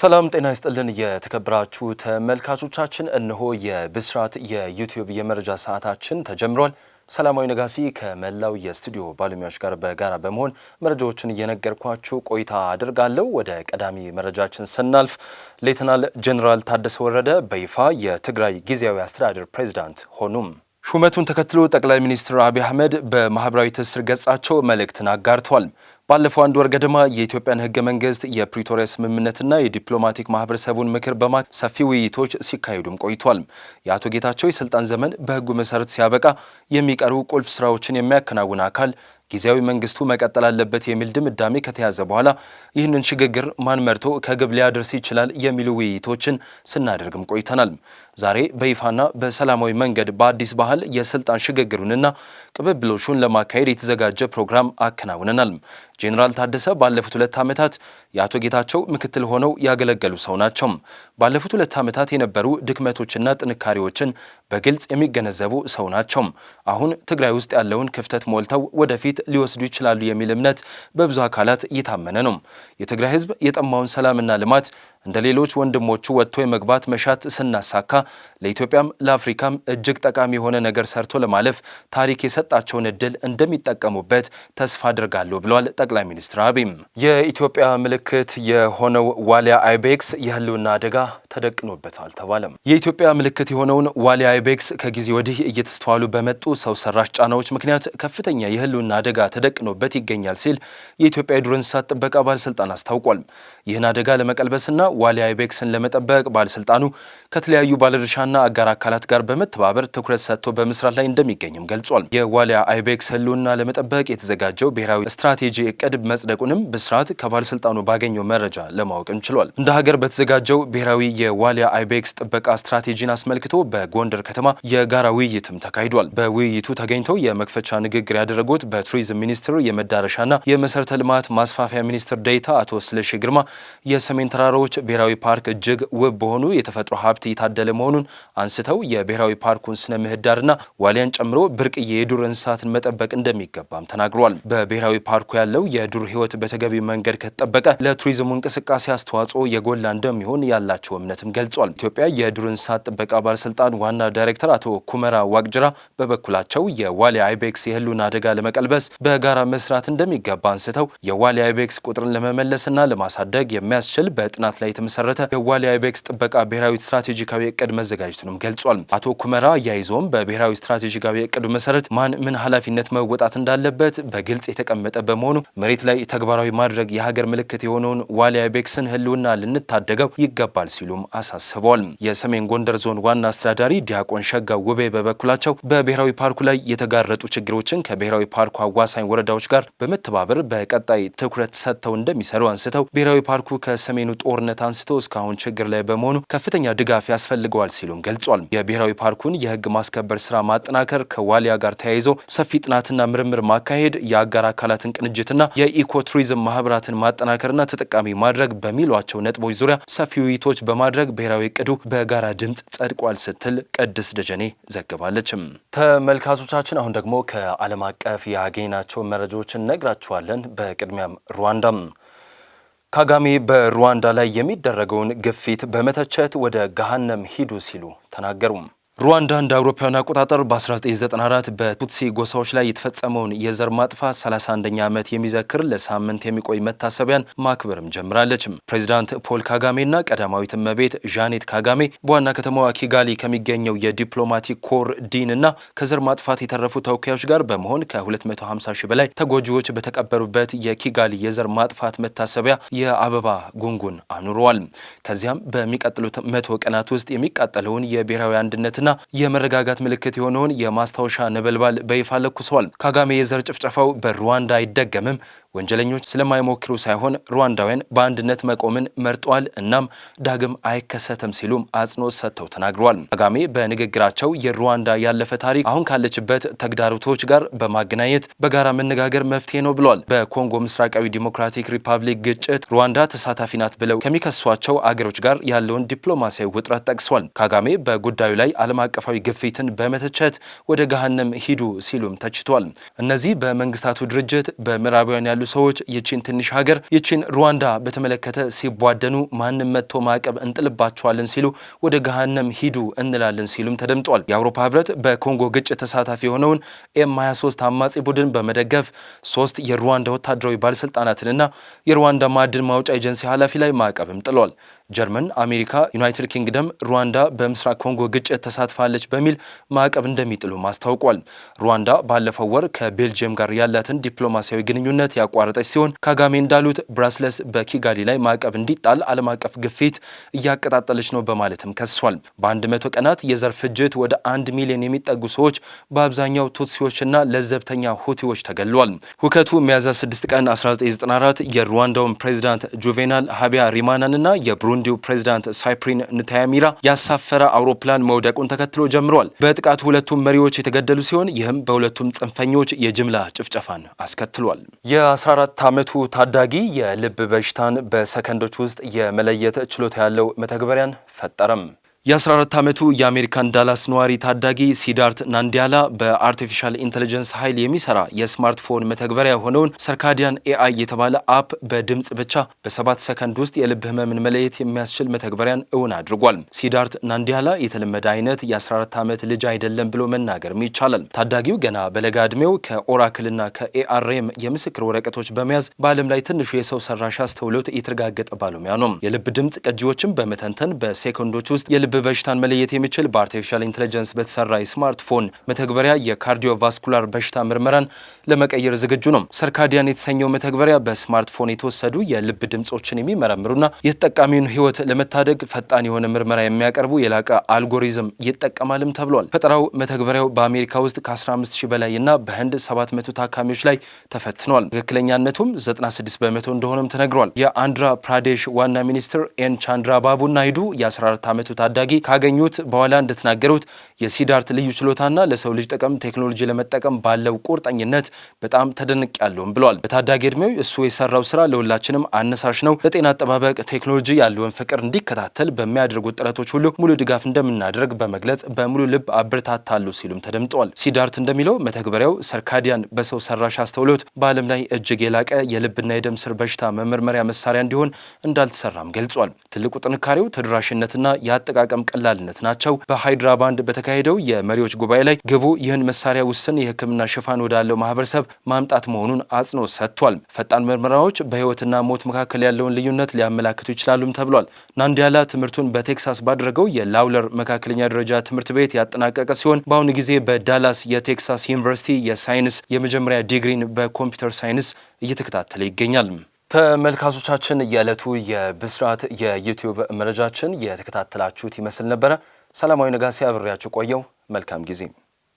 ሰላም ጤና ይስጥልን። የተከበራችሁ ተመልካቾቻችን፣ እነሆ የብስራት የዩቲዩብ የመረጃ ሰዓታችን ተጀምሯል። ሰላማዊ ነጋሲ ከመላው የስቱዲዮ ባለሙያዎች ጋር በጋራ በመሆን መረጃዎችን እየነገርኳችሁ ቆይታ አድርጋለሁ። ወደ ቀዳሚ መረጃችን ስናልፍ ሌተናል ጄኔራል ታደሰ ወረደ በይፋ የትግራይ ጊዜያዊ አስተዳደር ፕሬዚዳንት ሆኑም። ሹመቱን ተከትሎ ጠቅላይ ሚኒስትር አብይ አህመድ በማህበራዊ ትስስር ገጻቸው መልእክትን አጋርተዋል። ባለፈው አንድ ወር ገደማ የኢትዮጵያን ህገ መንግስት የፕሪቶሪያ ስምምነትና የዲፕሎማቲክ ማህበረሰቡን ምክር በማ ሰፊ ውይይቶች ሲካሄዱም ቆይቷል። የአቶ ጌታቸው የስልጣን ዘመን በህጉ መሰረት ሲያበቃ የሚቀርቡ ቁልፍ ስራዎችን የሚያከናውን አካል ጊዜያዊ መንግስቱ መቀጠል አለበት የሚል ድምዳሜ ከተያዘ በኋላ ይህንን ሽግግር ማን መርቶ ከግብ ሊያደርስ ይችላል የሚሉ ውይይቶችን ስናደርግም ቆይተናል። ዛሬ በይፋና በሰላማዊ መንገድ በአዲስ ባህል የስልጣን ሽግግሩንና ቅብብሎሹን ለማካሄድ የተዘጋጀ ፕሮግራም አከናውነናል። ጄኔራል ታደሰ ባለፉት ሁለት ዓመታት የአቶ ጌታቸው ምክትል ሆነው ያገለገሉ ሰው ናቸው። ባለፉት ሁለት ዓመታት የነበሩ ድክመቶችና ጥንካሬዎችን በግልጽ የሚገነዘቡ ሰው ናቸው። አሁን ትግራይ ውስጥ ያለውን ክፍተት ሞልተው ወደፊት ሊወስዱ ይችላሉ የሚል እምነት በብዙ አካላት እየታመነ ነው። የትግራይ ህዝብ የጠማውን ሰላምና ልማት እንደ ሌሎች ወንድሞቹ ወጥቶ የመግባት መሻት ስናሳካ ለኢትዮጵያም ለአፍሪካም እጅግ ጠቃሚ የሆነ ነገር ሰርቶ ለማለፍ ታሪክ የሰጣቸውን እድል እንደሚጠቀሙበት ተስፋ አድርጋለሁ ብለዋል ጠቅላይ ሚኒስትር አብይ። የኢትዮጵያ ምልክት የሆነው ዋሊያ አይቤክስ የህልውና አደጋ ተደቅኖበታል ተባለም። የኢትዮጵያ ምልክት የሆነውን ዋሊያ በኢቤክስ ከጊዜ ወዲህ እየተስተዋሉ በመጡ ሰው ሰራሽ ጫናዎች ምክንያት ከፍተኛ የህልውና አደጋ ተደቅኖበት ይገኛል ሲል የኢትዮጵያ የዱር እንስሳት ጥበቃ ባለስልጣን አስታውቋል። ይህን አደጋ ለመቀልበስና ዋሊያ ኢቤክስን ለመጠበቅ ባለስልጣኑ ከተለያዩ ባለድርሻና አጋር አካላት ጋር በመተባበር ትኩረት ሰጥቶ በመስራት ላይ እንደሚገኝም ገልጿል። የዋሊያ አይቤክስ ህልውና ለመጠበቅ የተዘጋጀው ብሔራዊ ስትራቴጂ እቅድ መጽደቁንም ብስራት ከባለስልጣኑ ባገኘው መረጃ ለማወቅም ችሏል። እንደ ሀገር በተዘጋጀው ብሔራዊ የዋልያ አይቤክስ ጥበቃ ስትራቴጂን አስመልክቶ በጎንደር ከተማ የጋራ ውይይትም ተካሂዷል። በውይይቱ ተገኝተው የመክፈቻ ንግግር ያደረጉት በቱሪዝም ሚኒስትር የመዳረሻና የመሰረተ ልማት ማስፋፊያ ሚኒስትር ዴኤታ አቶ ስለሺ ግርማ የሰሜን ተራሮች ብሔራዊ ፓርክ እጅግ ውብ በሆኑ የተፈጥሮ ሀብት የታደለ መሆኑን አንስተው የብሔራዊ ፓርኩን ስነ ምህዳርና ዋሊያን ጨምሮ ብርቅዬ የዱር እንስሳትን መጠበቅ እንደሚገባም ተናግሯል። በብሔራዊ ፓርኩ ያለው የዱር ሕይወት በተገቢ መንገድ ከተጠበቀ ለቱሪዝሙ እንቅስቃሴ አስተዋጽኦ የጎላ እንደሚሆን ያላቸው እምነትም ገልጿል። ኢትዮጵያ የዱር እንስሳት ጥበቃ ባለስልጣን ዋና ዳይሬክተር አቶ ኩመራ ዋቅጅራ በበኩላቸው የዋሊያ አይቤክስ የህልውና አደጋ ለመቀልበስ በጋራ መስራት እንደሚገባ አንስተው የዋሊያ አይቤክስ ቁጥርን ለመመለስና ለማሳደግ የሚያስችል በጥናት ላይ የተመሰረተ የዋሊያ አይቤክስ ጥበቃ ብሔራዊ ስትራቴጂካዊ እቅድ መዘጋጀቱንም ገልጿል። አቶ ኩመራ አያይዘውም በብሔራዊ ስትራቴጂካዊ እቅዱ መሰረት ማን ምን ኃላፊነት መወጣት እንዳለበት በግልጽ የተቀመጠ በመሆኑ መሬት ላይ ተግባራዊ ማድረግ የሀገር ምልክት የሆነውን ዋሊያ አይቤክስን ህልውና ልንታደገው ይገባል ሲሉም አሳስበዋል። የሰሜን ጎንደር ዞን ዋና አስተዳዳሪ ዲያ ዲያቆን ሸጋ ውቤ በበኩላቸው በብሔራዊ ፓርኩ ላይ የተጋረጡ ችግሮችን ከብሔራዊ ፓርኩ አዋሳኝ ወረዳዎች ጋር በመተባበር በቀጣይ ትኩረት ሰጥተው እንደሚሰሩ አንስተው ብሔራዊ ፓርኩ ከሰሜኑ ጦርነት አንስቶ እስካሁን ችግር ላይ በመሆኑ ከፍተኛ ድጋፍ ያስፈልገዋል ሲሉም ገልጿል። የብሔራዊ ፓርኩን የህግ ማስከበር ስራ ማጠናከር፣ ከዋሊያ ጋር ተያይዞ ሰፊ ጥናትና ምርምር ማካሄድ፣ የአጋር አካላትን ቅንጅትና የኢኮቱሪዝም ማህበራትን ማጠናከርና ተጠቃሚ ማድረግ በሚሏቸው ነጥቦች ዙሪያ ሰፊ ውይይቶች በማድረግ ብሔራዊ እቅዱ በጋራ ድምፅ ጸድቋል ስትል ቀድ ቅድስት ደጀኔ ዘግባለች። ተመልካቾቻችን አሁን ደግሞ ከዓለም አቀፍ ያገኝናቸውን መረጃዎች እነግራችኋለን። በቅድሚያም ሩዋንዳ ካጋሜ በሩዋንዳ ላይ የሚደረገውን ግፊት በመተቸት ወደ ገሃነም ሂዱ ሲሉ ተናገሩም። ሩዋንዳ እንደ አውሮፓውያን አቆጣጠር በ1994 በቱትሲ ጎሳዎች ላይ የተፈጸመውን የዘር ማጥፋት 31ኛ ዓመት የሚዘክር ለሳምንት የሚቆይ መታሰቢያን ማክበርም ጀምራለች። ፕሬዚዳንት ፖል ካጋሜና ቀዳማዊት እመቤት ዣኔት ካጋሜ በዋና ከተማዋ ኪጋሊ ከሚገኘው የዲፕሎማቲክ ኮር ዲን እና ከዘር ማጥፋት የተረፉ ተወካዮች ጋር በመሆን ከ250 ሺህ በላይ ተጎጂዎች በተቀበሩበት የኪጋሊ የዘር ማጥፋት መታሰቢያ የአበባ ጉንጉን አኑረዋል። ከዚያም በሚቀጥሉት መቶ ቀናት ውስጥ የሚቃጠለውን የብሔራዊ አንድነት የመረጋጋትና የመረጋጋት ምልክት የሆነውን የማስታወሻ ነበልባል በይፋ ለኩሰዋል። ካጋሜ የዘር ጭፍጨፋው በሩዋንዳ አይደገምም፣ ወንጀለኞች ስለማይሞክሩ ሳይሆን ሩዋንዳውያን በአንድነት መቆምን መርጧል፣ እናም ዳግም አይከሰትም ሲሉም አጽንኦት ሰጥተው ተናግረዋል። ካጋሜ በንግግራቸው የሩዋንዳ ያለፈ ታሪክ አሁን ካለችበት ተግዳሮቶች ጋር በማገናኘት በጋራ መነጋገር መፍትሄ ነው ብለዋል። በኮንጎ ምስራቃዊ ዲሞክራቲክ ሪፐብሊክ ግጭት ሩዋንዳ ተሳታፊ ናት ብለው ከሚከሷቸው አገሮች ጋር ያለውን ዲፕሎማሲያዊ ውጥረት ጠቅሷል። ካጋሜ በጉዳዩ ላይ ዓለም አቀፋዊ ግፊትን በመተቸት ወደ ገሃነም ሂዱ ሲሉም ተችቷል። እነዚህ በመንግስታቱ ድርጅት በምዕራባውያን ያሉ ሰዎች ይቺን ትንሽ ሀገር ይቺን ሩዋንዳ በተመለከተ ሲቧደኑ ማንም መጥቶ ማዕቀብ እንጥልባቸዋለን ሲሉ ወደ ገሃነም ሂዱ እንላለን ሲሉም ተደምጧል። የአውሮፓ ህብረት በኮንጎ ግጭት ተሳታፊ የሆነውን ኤም 23 አማጺ ቡድን በመደገፍ ሶስት የሩዋንዳ ወታደራዊ ባለስልጣናትንና የሩዋንዳ ማዕድን ማውጫ ኤጀንሲ ኃላፊ ላይ ማዕቀብም ጥሏል። ጀርመን፣ አሜሪካ፣ ዩናይትድ ኪንግደም ሩዋንዳ በምስራቅ ኮንጎ ግጭት ተሳትፋለች በሚል ማዕቀብ እንደሚጥሉ አስታውቋል። ሩዋንዳ ባለፈው ወር ከቤልጅየም ጋር ያላትን ዲፕሎማሲያዊ ግንኙነት ያቋረጠች ሲሆን ካጋሜ እንዳሉት ብራስለስ በኪጋሊ ላይ ማዕቀብ እንዲጣል ዓለም አቀፍ ግፊት እያቀጣጠለች ነው በማለትም ከሷል። በአንድ መቶ ቀናት የዘር ፍጅት ወደ አንድ ሚሊዮን የሚጠጉ ሰዎች በአብዛኛው ቱትሲዎችና ለዘብተኛ ሁቲዎች ተገልሏል። ሁከቱ ሚያዝያ 6 ቀን 1994 የሩዋንዳውን ፕሬዚዳንት ጁቬናል ሀቢያ ሪማናንና የብሩ የቡሩንዲው ፕሬዚዳንት ሳይፕሪን ንታያሚራ ያሳፈረ አውሮፕላን መውደቁን ተከትሎ ጀምሯል። በጥቃቱ ሁለቱም መሪዎች የተገደሉ ሲሆን ይህም በሁለቱም ጽንፈኞች የጅምላ ጭፍጨፋን አስከትሏል። የ14 ዓመቱ ታዳጊ የልብ በሽታን በሰከንዶች ውስጥ የመለየት ችሎታ ያለው መተግበሪያን ፈጠረም። የ14 ዓመቱ የአሜሪካን ዳላስ ነዋሪ ታዳጊ ሲዳርት ናንዲያላ በአርቲፊሻል ኢንቴሊጀንስ ኃይል የሚሰራ የስማርትፎን መተግበሪያ የሆነውን ሰርካዲያን ኤአይ የተባለ አፕ በድምፅ ብቻ በሰባት ሰከንድ ውስጥ የልብ ህመምን መለየት የሚያስችል መተግበሪያን እውን አድርጓል። ሲዳርት ናንዲያላ የተለመደ አይነት የ14 ዓመት ልጅ አይደለም ብሎ መናገርም ይቻላል። ታዳጊው ገና በለጋ ዕድሜው ከኦራክልና ከኤአርኤም የምስክር ወረቀቶች በመያዝ በዓለም ላይ ትንሹ የሰው ሰራሽ አስተውሎት የተረጋገጠ ባለሙያ ነው። የልብ ድምፅ ቅጂዎችን በመተንተን በሴኮንዶች ውስጥ የልብ የልብ በሽታን መለየት የሚችል በአርቲፊሻል ኢንቴሊጀንስ በተሰራ የስማርትፎን መተግበሪያ የካርዲዮቫስኩላር በሽታ ምርመራን ለመቀየር ዝግጁ ነው። ሰርካዲያን የተሰኘው መተግበሪያ በስማርትፎን የተወሰዱ የልብ ድምፆችን የሚመረምሩና የተጠቃሚውን ሕይወት ለመታደግ ፈጣን የሆነ ምርመራ የሚያቀርቡ የላቀ አልጎሪዝም ይጠቀማልም ተብሏል። ፈጠራው መተግበሪያው በአሜሪካ ውስጥ ከ15000 በላይ እና በህንድ 700 ታካሚዎች ላይ ተፈትኗል። ትክክለኛነቱም 96 በመቶ እንደሆነም ተነግሯል። የአንድራ ፕራዴሽ ዋና ሚኒስትር ኤን ቻንድራ ባቡ ናይዱ የ14 ዓመቱ ታዳጊ ታዳጊ ካገኙት በኋላ እንደተናገሩት የሲዳርት ልዩ ችሎታና ለሰው ልጅ ጥቅም ቴክኖሎጂ ለመጠቀም ባለው ቁርጠኝነት በጣም ተደንቅ ያለውም ብለዋል። በታዳጊ እድሜው እሱ የሰራው ስራ ለሁላችንም አነሳሽ ነው። ለጤና አጠባበቅ ቴክኖሎጂ ያለውን ፍቅር እንዲከታተል በሚያደርጉት ጥረቶች ሁሉ ሙሉ ድጋፍ እንደምናደርግ በመግለጽ በሙሉ ልብ አበረታታሉ ሲሉም ተደምጠዋል። ሲዳርት እንደሚለው መተግበሪያው ሰርካዲያን በሰው ሰራሽ አስተውሎት በዓለም ላይ እጅግ የላቀ የልብና የደም ስር በሽታ መመርመሪያ መሳሪያ እንዲሆን እንዳልተሰራም ገልጿል። ትልቁ ጥንካሬው ተደራሽነትና የአጠቃቀ የአጠቃቀም ቀላልነት ናቸው። በሃይድራባንድ በተካሄደው የመሪዎች ጉባኤ ላይ ግቡ ይህን መሳሪያ ውስን የህክምና ሽፋን ወዳለው ማህበረሰብ ማምጣት መሆኑን አጽንኦት ሰጥቷል። ፈጣን ምርመራዎች በህይወትና ሞት መካከል ያለውን ልዩነት ሊያመላክቱ ይችላሉም ተብሏል። ናንዲያላ ትምህርቱን በቴክሳስ ባደረገው የላውለር መካከለኛ ደረጃ ትምህርት ቤት ያጠናቀቀ ሲሆን በአሁኑ ጊዜ በዳላስ የቴክሳስ ዩኒቨርሲቲ የሳይንስ የመጀመሪያ ዲግሪን በኮምፒውተር ሳይንስ እየተከታተለ ይገኛል። ተመልካቾቻችን የዕለቱ የብስራት የዩቲዩብ መረጃችን የተከታተላችሁት ይመስል ነበረ። ሰላማዊ ነጋሴ አብሬያችሁ ቆየው። መልካም ጊዜ